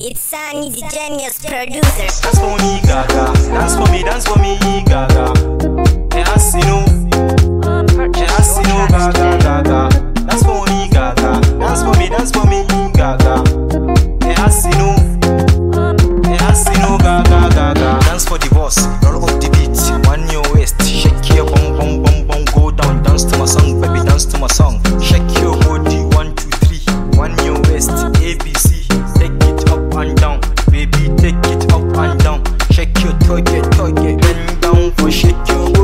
It's Sunny the genius producer. Dance for me, Gaga. Dance for me, dance for me, Gaga. Dance, you know. Dance, you know, Gaga, Gaga. Dance for me, Gaga. Dance for me, dance for me, Gaga. Dance, you know. Dance, you know, Gaga, Gaga. Dance for divorce. I don't. Shake you, twerk it, twerk it. Bend down for shake you.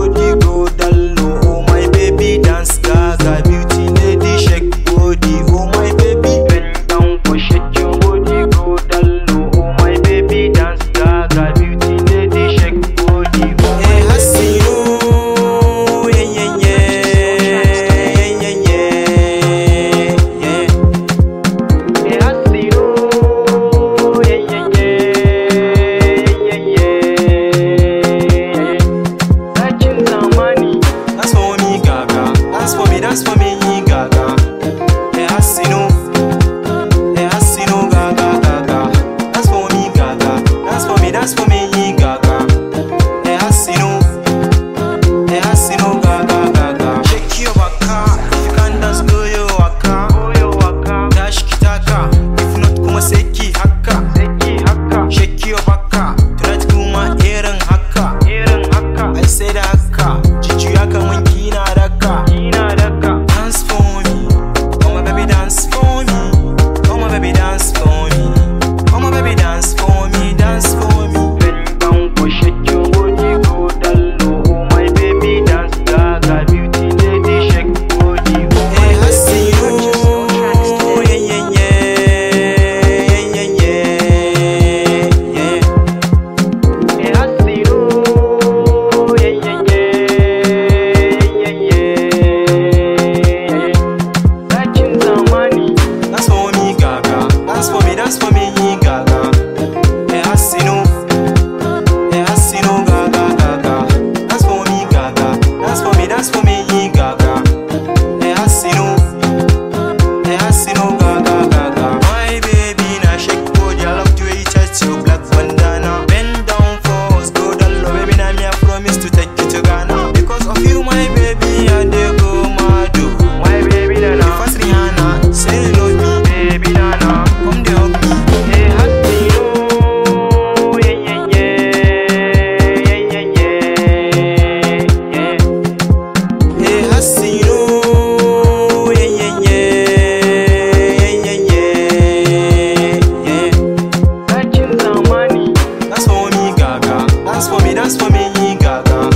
for me, dance for me, gaga.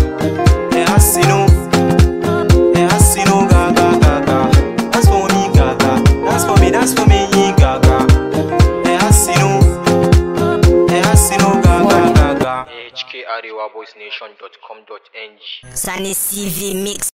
Hey, I see no. gaga, gaga. Dance for me, gaga. Dance for me, dance for me, gaga. Hey, I see no. gaga, gaga. HKREWABoysNation.com.ng Sunny CV Mix.